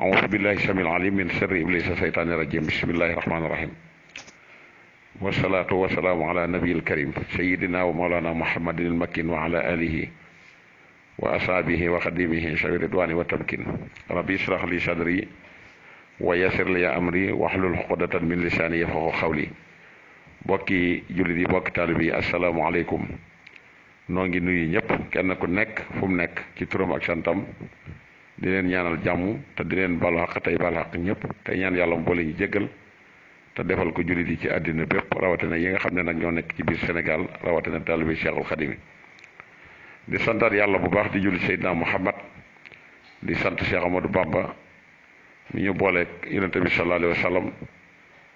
أعوذ بالله السميع العليم من شر إبليس الشيطان الرجيم بسم الله الرحمن الرحيم والصلاة والسلام على النبي الكريم سيدنا ومولانا محمد المكين وعلى آله وأصحابه وخديمه شبير الدوان والتمكين ربي اشرح لي صدري ويسر لي أمري واحلل عقدة من لساني يفقهوا قولي bokki jullit yi bokki taalib yi asalaamaaleykum noo ngi nuyu ñëpp kenn ku nekk fu mu nekk ci turam ak santam di leen ñaanal jàmm te di leen balu xaq tey balu xaq ñëpp tey ñaan yàlla mboole ñu jéggal te defal ko jullit yi ci àddina bépp rawatina yi nga xam ne nag ñoo nekk ci biir Sénégal rawatina taalibi Cheikhul Khadim di santaat yàlla bu baax di julli Seydina Muhammad di sant Cheikh Amadou Bamba mi ñu booleeg yonente bi sallallahu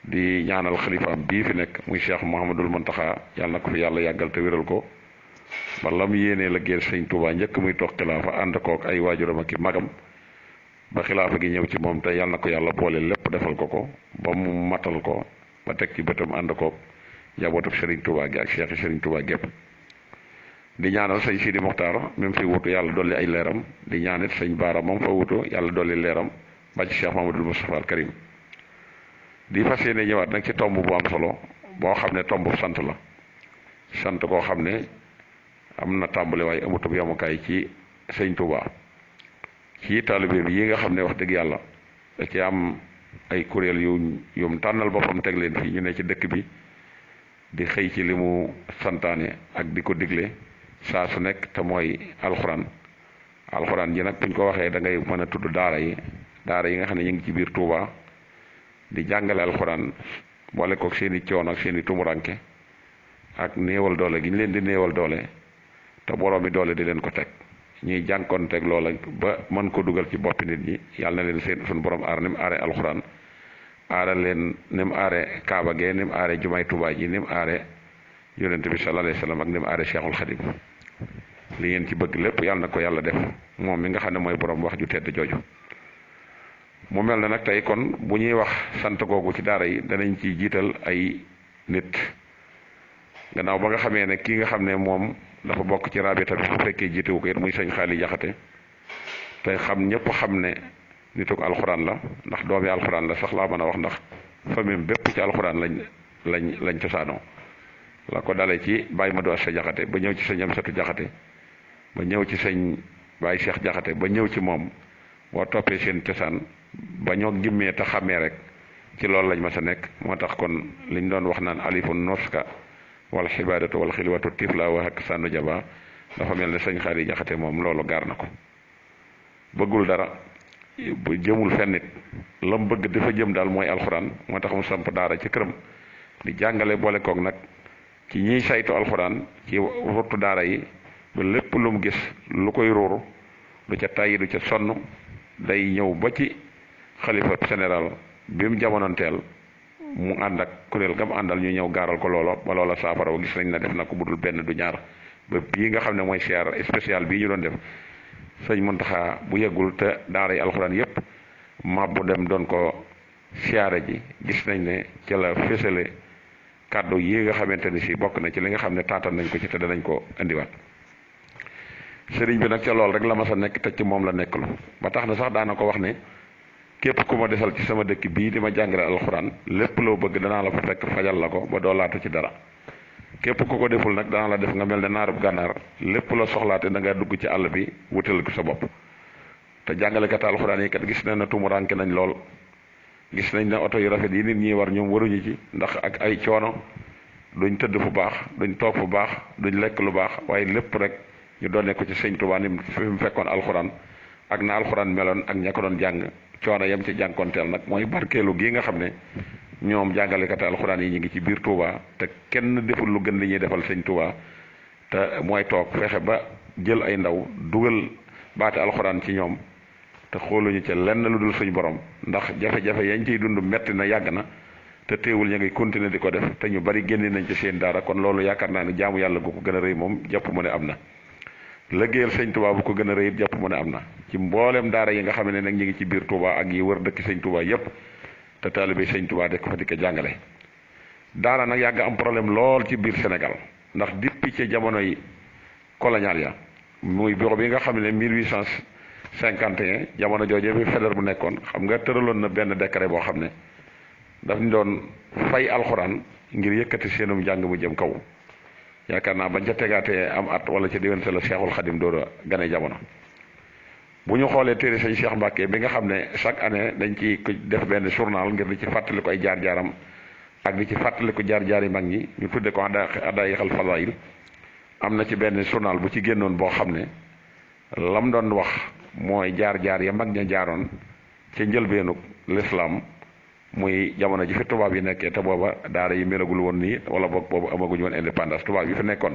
di ñaanal xalifaam bii fi nekk muy Cheikh Mouhamadul Mountakha yàlla na ko fi yàlla yàggal te wéral ko ba lam yéenee la géer sëñ Touba njëkk muy toog xilaafa ànd kook ay waajuram ak i magam ba xilaafa gi ñëw ci moom te yàlla na ko yàlla boole lépp defal ko ko ba mu matal ko ba teg ci bëtam ànd kook njabootu Serigne Touba gi ak Cheikh Serigne Touba gépp di ñaanal sëñ Sidi Mokhtar même fi wutu yàlla dolli ay leeram di ñaanit sëñ Baara moom fa wutu yàlla dolli leeram ba ci Cheikh Mamadou Moustapha al Karim di fas yéene ñëwaat nag ci tomb bu am solo boo xam ne tomb sant la am na tàmbali waaye amutub yamukaay ci sëñ Touba ci taalibe bi yi nga xam ne wax dëgg yàlla da ci am ay kuréel yu yum tànnal boppam teg leen fii ñu ne ci dëkk bi di xëy ci li mu santaane ak di ko digle saa su nekk te mooy alxuraan alxuraan ji nag buñ ko waxee da ngay mën a tudd daara yi daara yi nga xam ne ñu ngi ci biir Touba di jàngale alxuraan boole kook seen i coono ak seen i ak néewal doole gi ñu leen di néewal doole te borom bi doole di leen ko teg ñuy jànkoonteeg loola ba mën ko dugal ci boppi nit ñi yàlla na leen seen suñu borom aar ni mu aare alxuraan aare leen ni mu aare Kaaba gee ni mu aare Jumaay Tuubaa ji ni mu aare yonent bi sallallahu alayhi wa sallam ak li ngeen ci bëgg lépp yàlla na ko yàlla def moom mi nga xam ne mooy borom wax ju tedd jooju. mu mel ne nag tey kon bu ñuy wax sant googu ci daara yi danañ ciy jiital ay nit. gannaaw ba nga xamee ne kii nga xam ne moom dafa bokk ci rabita bi bu fekkee jiitewu ko it muy sañ xaali jaxate te xam ñëpp xam ne nituk alxuraan la ndax doomi alxuraan la sax laa mën a wax ndax famille bépp ci alxuraan lañ lañ lañ cosaanoo la ko dale ci bay ma du as sa jaxate ba ñëw ci sëñ am jaxate ba ñëw ci sëñ bàyyi seex jaxate ba ñëw ci moom boo toppee seen cosaan ba ñoo gimmee te xàmmee rek ci loolu lañ ma sa nekk moo tax kon liñ doon wax naan alifun noska wal xibaadatu wal xilwatu tifla wax ak sànnu jaba dafa mel ne sëñ xaari jaxate moom loolu gaar na ko bëggul dara bu jëmul fennit lam bëgg dafa jëm daal mooy alxuraan moo tax mu samp daara ci këram di jàngale boole koog nag ci ñuy saytu alxuraan ci wurtu daara yi ba lépp lu gis lu koy ruuru du ca tàyyi ca sonn day ñëw ba ci xalifa général bi mu mu ànd ak kuréel gam àndal ñu ñëw gaaral ko loola ba loola saafara gis nañ na def na ko bu dul benn du ñaar ba bii nga xam ne mooy siyaar spécial bii ñu doon def sëñ Muntaxa bu yeggul te daara yi alxuraan yépp bu dem doon ko siyaare ji gis nañ ne ca la fésale kàddu yi nga xamante ni si bokk na ci li nga xam ne taataan nañ ko ci te danañ ko indiwaat sëriñ bi nag ca lool rek la mas a nekk te ci moom la nekkul ba tax na sax daana ko wax ne képp ku ma desal ci sama dëkk bii di ma jàngale alxuraan lépp loo bëgg danaa la fa fekk fajal la ko ba doo laatu ci dara képp ku ko deful nag dana la def nga mel ne naarub gànnaar lépp loo soxlaate dangay dugg ci àll bi wutal ko sa bopp te jàngalekat alxuraan yi kat gis nañ na tumuranke nañ lool gis nañ ne oto yu rafet yi nit ñi war ñoom waruñu ci ndax ak ay coono duñ tëdd fu baax duñ toog fu baax duñ lekk lu baax waaye lépp rek ñu doone ko ci sëñ Tuubaa ni fekkoon alxuraan ak na alxuraan meloon ak ña ko doon jàng coono yam ci jànkonteel nag mooy barkeelu gi nga xam ne ñoom jàngalekati alxuraan yi ñu ngi ci biir Touba te kenn deful lu gën li ñuy defal sëñ Touba te mooy toog fexe ba jël ay ndaw dugal baate alxuraan ci ñoom te xooluñu ca lenn lu dul suñ borom ndax jafe-jafe yañ ciy dund metti na yàgg na te teewul ñu ngi continuer di ko def te ñu bari génne nañ ci seen daara kon loolu yaakaar naa ne jaamu yàlla gu ko gën a moom jàpp mu ne am na liggéeyal sëñ Touba bu ko gën a rëy jàpp mu ne am na ci mboolem daara yi nga xam ne nag ñu ngi ci biir Touba ak yi wër dëkk sëñ Touba yépp te taalibe sëñ Touba de ko fa di ko jàngale daara nag yàgg am problème lool ci biir Sénégal ndax depuis ci jamono yi colonial ya muy bureau bi nga xam ne 1851 jamono jooje bi Faidherbe bu nekkoon xam nga tëraloon na benn décret boo xam ne daf ñu doon fay alxuraan ngir yëkkati seenum jàng mu jëm kaw yaakaar naa bañ ca tegaatee am at wala ca diwén sa la Seexul Xadim doo gane jamono bu ñu xoolee téere sëñ Cheikh Mbacke bi nga xam ne chaque année dañ ci def benn journal ngir di ci fàttali ko ay jaar-jaaram ak di ci fàttali jaar-jaar yi mag ñi ñu tudde ko Adaya Xal Fadail am na ci benn journal bu ci génnoon boo xam ne lam doon wax mooy jaar-jaar ya mag ña jaaroon ca njëlbeenug l'islam muy jamono ji fi tubaab yi nekkee te booba daara yi melagul woon nii wala boog boobu amaguñu woon indépendance tubaab yi fi nekkoon.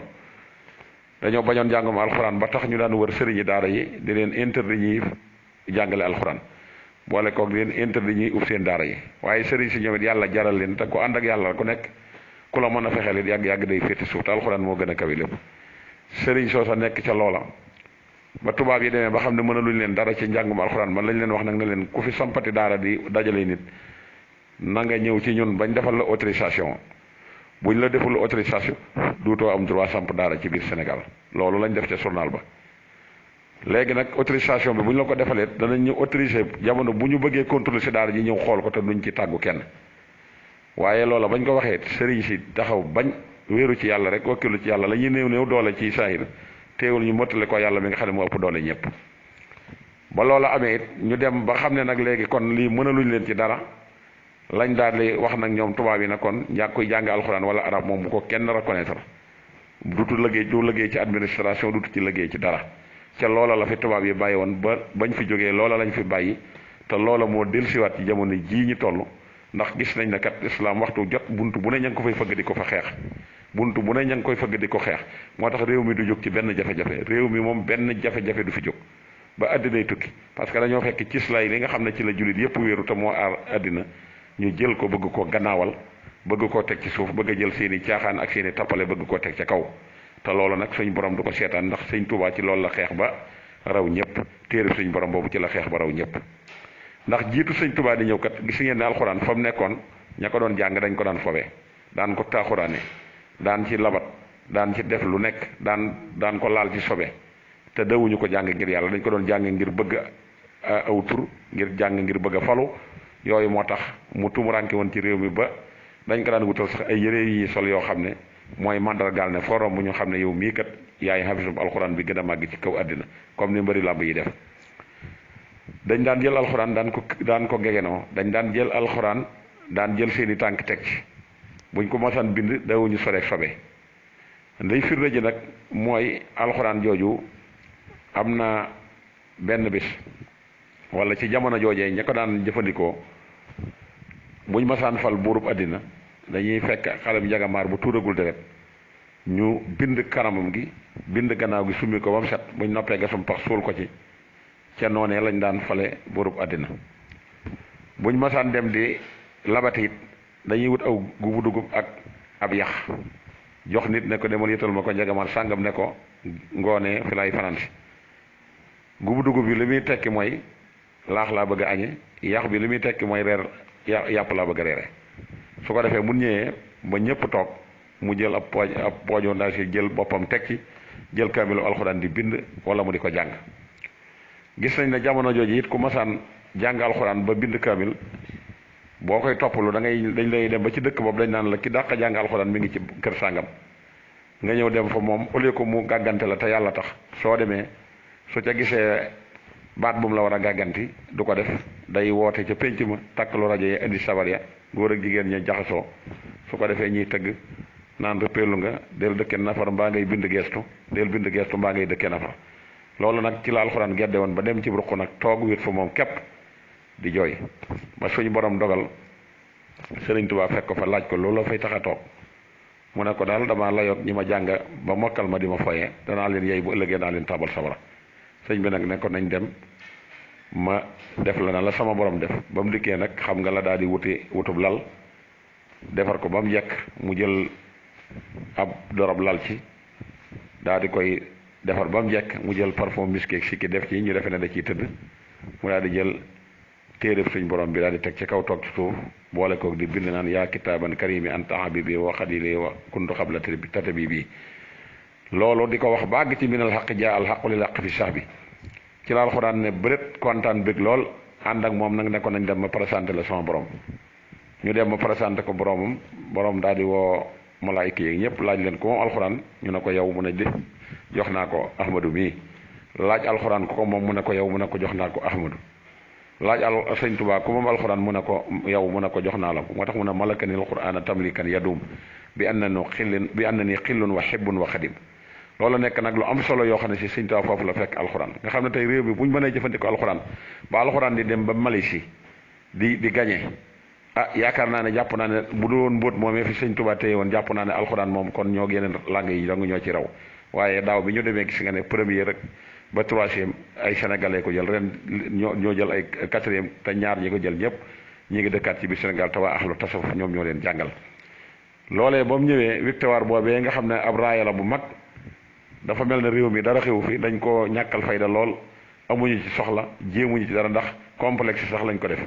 dañoo bañoon jàngum alxuraan ba tax ñu daan wër sëriñi daara yi di leen interdit ñuy jàngale alxuraan boole kook di leen interdit ñuy ub seen daara yi waaye sëriñ si ñoom yàlla jaral leen te ku ànd ak yàlla ku nekk ku la mën a fexeel it yàgg yàgg day féete suuf te alxuraan moo gën a kawe lépp sëriñ soo sa nekk ca loola ba tubaab yi demee ba xam ne mën a luñu leen dara ci njàngum alxuraan man lañ leen wax nag ne leen ku fi sompati daara di dajale nit na nga ñëw ci ñun bañ defal la autorisation buñ la deful autorisation duutoo am droit samp daara ci biir Sénégal loolu lañ def ca journal ba léegi nag autorisation bi bu ñu la ko defalee danañ ñu autorisé jamono bu ñu bëggee contrôler si daara ji ñëw xool ko te duñ ci tàggu kenn waaye loola bañ ko waxee sëriñ si taxaw bañ wéeru ci yàlla rek wakkilu ci yàlla la ñuy néew néew doole ci saahir teewul ñu mottale ko yàlla mi nga xam ne moo ëpp doole ñëpp ba loola amee it ñu dem ba xam ne nag léegi kon lii mënaluñ leen ci dara lañ daal di wax nag ñoom tubaab yi na kon yaa koy jàng alxuraan wala arab moom bu ko kenn reconnaître dutu liggéey du liggéey ci administration dutu ci liggéey ci dara ca loola la fi tubaab yi bàyyi woon ba bañ fi jógee loola lañ fi bàyyi te loola moo dellusiwaat ci jamono jii ñu toll ndax gis nañ ne kat islam waxtu jot bunt bu ne ña ngi ko fay fëgg di ko fa xeex bunt bu ne ña ngi koy fëgg di ko xeex moo tax réew mi du jóg ci benn jafe-jafe réew mi moom benn jafe-jafe fi jóg ba àddinay tukki parce que dañoo fekk ci islaay li nga xam ne ci la jullit yépp wéeru te moo aar ñu jël ko bëgg ko gannaawal bëgg koo teg ci suuf bëgg a jël seeni caaxaan ak seeni tappale bëgg koo teg ca kaw te loolu nag suñ borom du ko seetaan ndax sëñ Tuubaa ci loolu la xeex ba raw ñëpp téere suñ borom boobu ci la xeex ba raw ñëpp ndax jiitu sëñ Tuubaa di ñëw kat gis ngeen ne alxuraan fa nekkoon ña ko doon jàng dañ ko daan fobee daan ko taaxuraane daan ci labat daan ci def lu nekk daan daan ko laal ci sobe te dawuñu ko jàng ngir yàlla dañ ko doon jàng ngir bëgg aw tur ngir jàng ngir bëgg a falu yooyu moo tax mu tumuranke woon ci réew mi ba dañ ko daan wutal sax ay yëre yi sol yoo xam ne mooy mandargaal ne forom bu ñu xam ne yow mii kat yaay xafisub alxuraan bi gën a màgg ci kaw àddina comme ni mbëri làmb yi def dañ daan jël alxuraan daan ko daan ko gegenoo dañ daan jël alxuraan daan jël seeni tànk teg ci buñ ko mosaan bind dawuñu soleeg sobe day firle ji nag mooy alxuraan jooju am na benn bis wala ci jamono joojee ña ko daan jëfandikoo buñ masaan fal buurub àddina dañuy fekk xale xalem njagamaar bu tuuragul deret ñu bind kanamam gi bind gannaaw gi summi ko ba mu set buñ noppee gasum pax suul ko ci ca noonee lañu daan fale buurub àddina buñ masaan dem di labati dañuy wut aw gubu dugub ak ab yax jox nit ne ko demal yëtal ma ko njagamaar sàngam ne ko ngoonee fi lay fanansi gubu dugub bi li muy tekki mooy laax laa bëgg a añe yax bi li muy tekki mooy reer yàpp laa bëgg a reere su ko defee bu ñëwee ba ñëpp toog mu jël ab pooj ab pooju ndax jël boppam teg ci jël kaamilu alxuraan di bind wala mu di ko jàng gis nañ ne jamono jooju it ku masaan jàng alxuraan ba bind kaamil boo koy toppalu da ngay dañ lay dem ba ci dëkk boobu dañ naan la ki dàq jàng alxuraan mi ngi ci kër sàngam nga ñëw dem fa moom au lieu mu gàggante la te yàlla tax soo demee su ca gisee baat bu mu la war a gàgganti du ko def day woote ca pénc ma takkalu rajo ya indi sabar ya góor ak jigéen ña jaxasoo su ko defee ñuy tëgg naan rëppeelu nga del dëkke nafar mbaa ngay bind geestu del bind geestu mbaa ngay dëkke nafar loolu nag ci la alxuraan gedde woon ba dem ci ruq nag toog wét fa moom képp di jooy ba suñu borom dogal sëriñ Tuubaa fekk ko fa laaj ko loolu fay tax toog mu ne ko daal damaa layoog ñi ma jàng ba mokkal ma di ma foyee danaa leen yey bu ëllëgee naa leen tabal sabara sëñ bi nag ne ko dem ma def la na la sama borom def ba mu dikkee nag xam nga la daal di wuti wutub lal defar ko ba mu jekk mu jël ab dorob lal ci daal di koy defar ba mu jekk mu jël parfum miski sikki def ci ñu defe ne da ciy tëdd mu daal di jël téereb suñ borom bi daal di teg ci kaw toog ci suuf boole koog di bind naan yaa kitaaban karimi anta habibi wa xadili wa kuntu xabla tatabi bii loolu di ko wax ba àgg ci minal xaq jaa al xaqu lil xaq fi sax bi ci la alxuraan ne bëreet kontaan bëgg lool ànd ak moom nag ne ko nañ dem ma présenté la sama borom ñu dem ma présenté ko boromam borom daal di woo malaayka yi ñëpp laaj leen ko moom alxuraan ñu ne ko yow mu ne de naa ko ahmadu mii laaj alxuraan ko ko moom mu ne ko yow mu ne jox naa ko ahmadu laaj al sëñ tubaa ku moom alxuraan mu ne ko yow mu ne ko jox naa la ko moo tax mu ne malakani alxuraan tamlikan yadum bi an na nu xillin bi an na ni xillun wa xibbun wa xadim loolu nekk nag lu am solo yoo xam ne si sëñ Tuubaa foofu la fekk alxuraan nga xam ne tey réew bi bu ñu mënee jëfandikoo alxuraan ba alxuraan di dem ba Malaisie di di gagné ah yaakaar naa ne jàpp naa ne bu dul woon mbóot moomee fi sëñ Tuubaa téye woon jàpp naa ne alxuraan moom kon ñoo yeneen langue yi dong ñoo ci raw waaye daaw bi ñu demee gis nga ne premier rek ba troisième ay sénégalais ko jël ren ñoo ñoo jël ay quatrième te ñaar ñi ko jël ñëpp ñi ngi dëkkaat ci biir Sénégal te waa ahlu tasawuf ñoom ñoo leen jàngal loolee ba mu ñëwee victoire nga xam ne ab raaya la bu mag dafa mel ne réew mi dara xewu fii dañ koo ñàkkal fayda lool amuñu ci soxla jéemuñu ci dara ndax complexe sax lañ ko def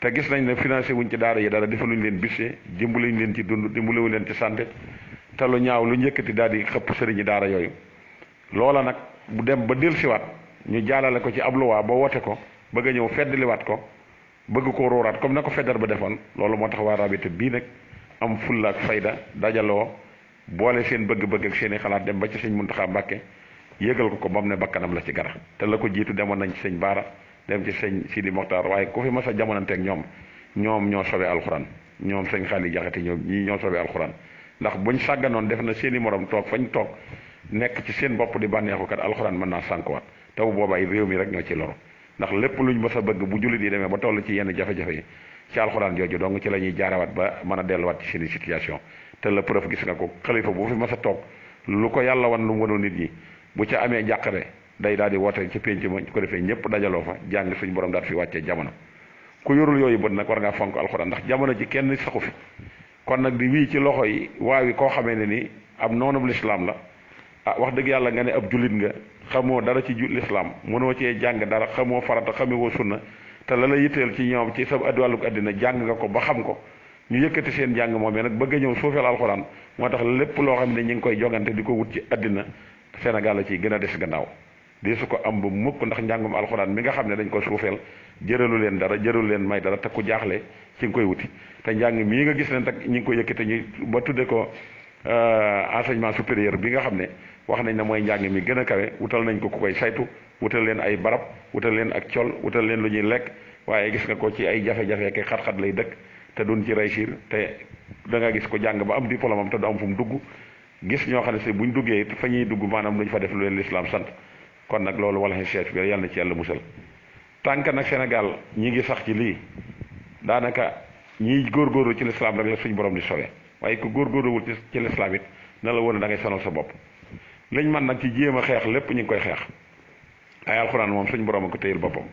te gis nañ ne financé wuñ ci daara yi dara defaluñ leen budget dimbaluñ leen ci dund dimbalewuñ leen ci santé te lu ñaaw lu njëkkati daal di xëpp sëriñi daara yooyu loola nag bu dem ba dellusiwaat ñu jaalale ko ci ab luwaa ba wote ko bëgg a ñëw feddliwaat ko bëgg ko róoraat comme na ko feddar ba defoon loolu moo tax waa rabita bii nag am fulla ak fayda dajaloo boole seen bëgg-bëgg ak seen i xalaat dem ba ci sëñ Muntaxa Mbàkke yëgal ko ko ba mu ne bakkanam la ci gara te la ko jiitu demoon nañ ci sëñ Baara dem ci sëñ Sidi Moxtaar waaye ku fi mas a jamonanteeg ñoom ñoom ñoo sobe alxuraan ñoom sëñ Xaali Jaxate ñoom ñii ñoo sobe alxuraan ndax buñ sàgganoon def na seen i morom toog fañ toog nekk ci seen bopp di bànneexu kat alxuraan mën naa sànkuwaat te bu boobaa réew mi rek ñoo ci loru ndax lépp luñ mës a bëgg bu jullit yi demee ba toll ci yenn jafe-jafe yi ci alxuraan jooju donc ci la ñuy jaarawaat ba mën a delluwaat ci seen situation te la preuve gis nga ko xalifa bu fi mas a toog lu ko yàlla wan lu mu nit ñi bu ca amee njàqare day daal di woote ca pénc ma ko defee ñëpp dajaloo fa jàng suñu borom daal fi wàccee jamono ku yorul yooyu bët nag war ngaa fonk alxuraan ndax jamono ji kenn saxu fi kon nag di wii ci loxo yi waawi koo xamee ni ni ab noonub lislaam la ah wax dëgg yàlla nga ne ab jullit nga xamoo dara ci ju lislaam mënoo cee jàng dara xamoo farata xamewoo sunna te la la yitteel ci ñoom ci sa wàllug àddina jàng nga ko ba xam ko ñu yëkkati seen jàng moom nag bëgg a ñëw suufeel alxuraan moo tax lépp loo xam ne ñu ngi koy jogante di ko wut ci àddina Sénégal la ciy gën a des gannaaw di su ko am bu mukk ndax njàngum alxuraan mi nga xam ne dañ ko suufeel jëreelu leen dara jëralu leen may dara te ku jaaxle ci nga koy wuti te njàng mii nga gis ne teg ñi ngi koy yëkkati ñu ba tudde ko euh, enseignement supérieur bi nga xam ne wax nañ ne mooy njàng mi gën a kawe wutal nañ ko ku koy saytu wutal leen ay barab wutal leen ak col wutal leen lu ñuy lekk waaye gis nga ko ci ay jafe-jafe ak lay dëkk te duñ ci réussir te da gis ko jàng ba am diplôme am te du am fu mu dugg gis ñoo xam ne si buñ duggee fa ñuy dugg maanaam duñ fa def lu leen lislaam sant kon nag loolu wala xin seet bi yàlla na ci yàlla musal tànk nag Sénégal ñi ngi sax ci lii daanaka ñiy góorgóorlu ci lislaam rek la suñ borom di sowe waaye ku góorgóorluwul ci lislaam it na la woon da ngay sonal sa bopp liñ man nag ci jéem a xeex lépp ñu ngi koy xeex ay alxuraan moom suñ borom a ko téyel boppam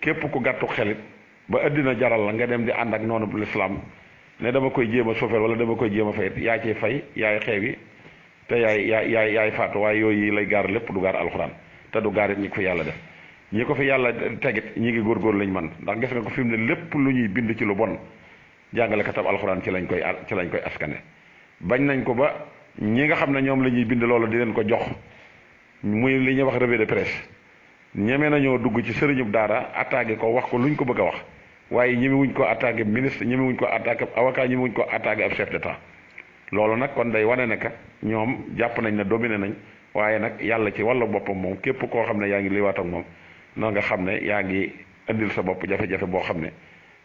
képp ku gàttu xelit ba àddina jaral la nga dem di ànd ak noonu bu lislaam ne dama koy jéem a sofeel wala dama koy jéem a fay yaa ciy fay yaay yi te yaay yaay yaay yaay faatu waaye yooyu lay gaar lépp du gaar alxuraan te du gaar it ñu ko fi yàlla def ñi ko fi yàlla tegit ñi ngi góorgóor lañ man ndax gis nga ko fi mu ne lépp lu ñuy bind ci lu bon jàngalekatam alxuraan ci lañ koy ci lañ koy askane bañ nañ ko ba ñi nga xam ne ñoom la ñuy bind loolu di leen ko jox muy li ñuy wax revue de presse ñeme nañoo dugg ci sëriñub daara attaqué ko wax ko lu luñ ko bëgg a wax waaye ñeme ko attaqué ministre ñeme wuñ ko attaqué avocat ñeme wuñ ko attaqué ab chef d'état loolu nag kon dey wane ne ñoom jàpp nañ ne dominé nañ waaye nag yàlla ci wàllu boppam moom képp koo xam ne yaa ngi liwaat ak moom na nga xam ne yaa ngi indil sa bopp jafe boo xam ne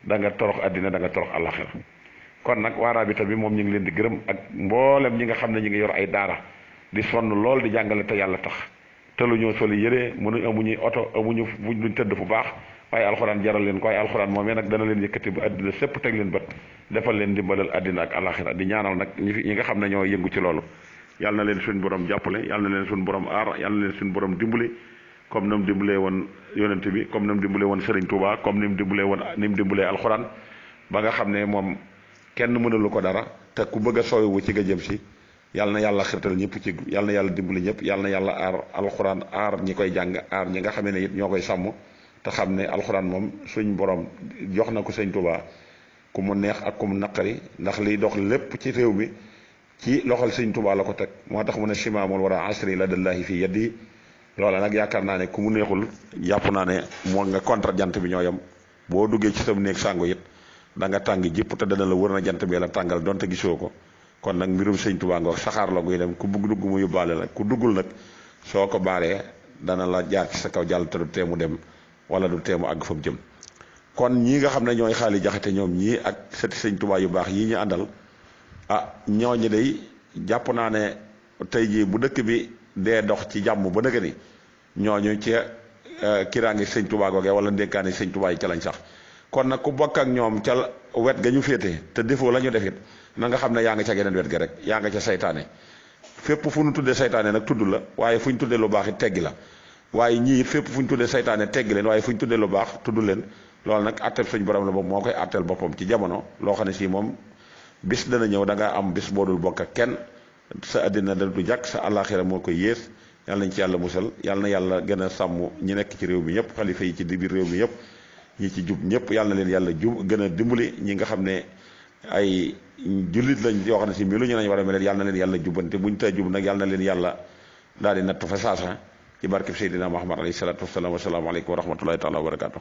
da nga torox àddina da nga torox àllaxira kon nag waaraa bi moom ñu ngi leen di gërëm ak mboolem ñi nga xam ne ñu ngi yor ay daara di sonn lool di jàngale te yàlla tax te lu ñoo soli yëree mënuñ amuñu oto amuñu luñ tëdd fu baax waaye alxuraan jaral leen ko waaye alxuraan moomee nag dana leen yëkkati ba àddina sépp teg leen bët defal leen dimbalal àddina ak alaxira di ñaanal nag ñi fi ñi nga xam ne ñoo yëngu ci loolu yàlla na leen suñ borom jàppale yàlla na leen suñ borom aar yàlla na leen suñ borom dimbali comme ni mu woon yonent bi comme ni mu dimbalee woon Serigne Touba comme ni mu dimbalee woon ni mu dimbalee alxuraan ba nga xam ne moom kenn mënalu ko dara te ku bëgg sooywu ci nga jëm si yàlla na yàlla xirtal ñëpp ci yàlla yàlla dimbali ñëpp yàlla na yàlla aar alxuraan aar ñi koy jàng aar ñi nga xamee ne it ñoo koy sàmm te xam ne alxuraan moom suñ borom jox na ko sëñ Tuubaa ku mu neex ak ku mu ndax liy dox lépp ci réew mi ci loxol sëñ Tuubaa la ko teg moo tax mu ne simaamul wara asri la dallahi fii yaddi loola nag yaakaar naa ne ku neexul yàpp naa ne moo nga contre jant bi ñoo yam boo duggee ci sam néeg sàngu it da nga tàng jëpp te dana la wër na jant bi la tàngal donte gisoo ko kon nag mbirum sëñ Tuubaa ngoog saxaar la guy dem ku bugg dugg mu yóbbaale la ku duggul nag soo ko baaree dana la jaar ci sa kaw jàll te du teemu dem wala du teemu àgg fa jëm kon ñii nga xam ne ñooy xaali te ñoom ñii ak sëti sëñ Tuubaa yu baax yii ñu àndal ah ñooñu day jàpp naa ne tey jii bu dëkk bi dee dox ci jàmm ba dëgg ni ñooñu ci eh, kiiraangi sëñ Tuubaa googee wala ndénkaani sëñ Tuubaa ca lañ sax kon nag ku bokk ak ñoom ca wet ga ñu féete te defoo la ñu def na nga xam ne yaa nga ca geneen wet ga rek yaa nga ca saytaane fépp fu ñu tuddee saytaane nag tudd la waaye fu ñu tuddee lu baax it teggi la waaye ñii it fépp fu ñu tuddee seytaane teggi leen waaye fu ñu tuddee lu baax tudd leen loolu nag àtteel suñu borom la moom moo koy àtteel boppam ci jamono loo xam ne si moom bis dana ñëw da ngaa am bis boo dul bokk ak kenn sa àddina da du jàkk sa àllaaxira moo koy yées yàlla nañ ci yàlla musal yàlla na yàlla gën a sàmm ñi nekk ci réew mi ñëpp xalifa yi ci biir réew mi yëpp ñi ci jub ñëpp yàlla leen yàlla jub gën a dimbali ñi nga xam ne ay jullit lañ yoo xam ne si melu ñu lañ war a mel yàlla na leen yàlla jubbante buñ ta jub nag yàlla na leen yàlla daal di natt fa saasa ci barkeb Seydina Muhammad alayhi salaatu wasalaam wasalaamaaleykum wa rahmatullahi taala wa barakaatu